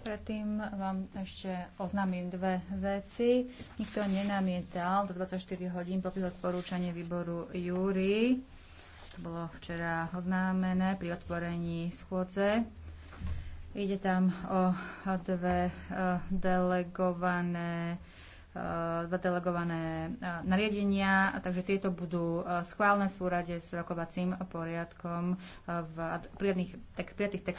Predtým vám ešte oznámim dve veci. Nikto nenamietal do 24 hodín popis odporúčanie výboru Júri. To bolo včera oznámené pri otvorení schôdze. Ide tam o dve eh, delegované eh, dva delegované eh, nariadenia, takže tieto budú schválené v súrade s rokovacím poriadkom v prijatých textoch.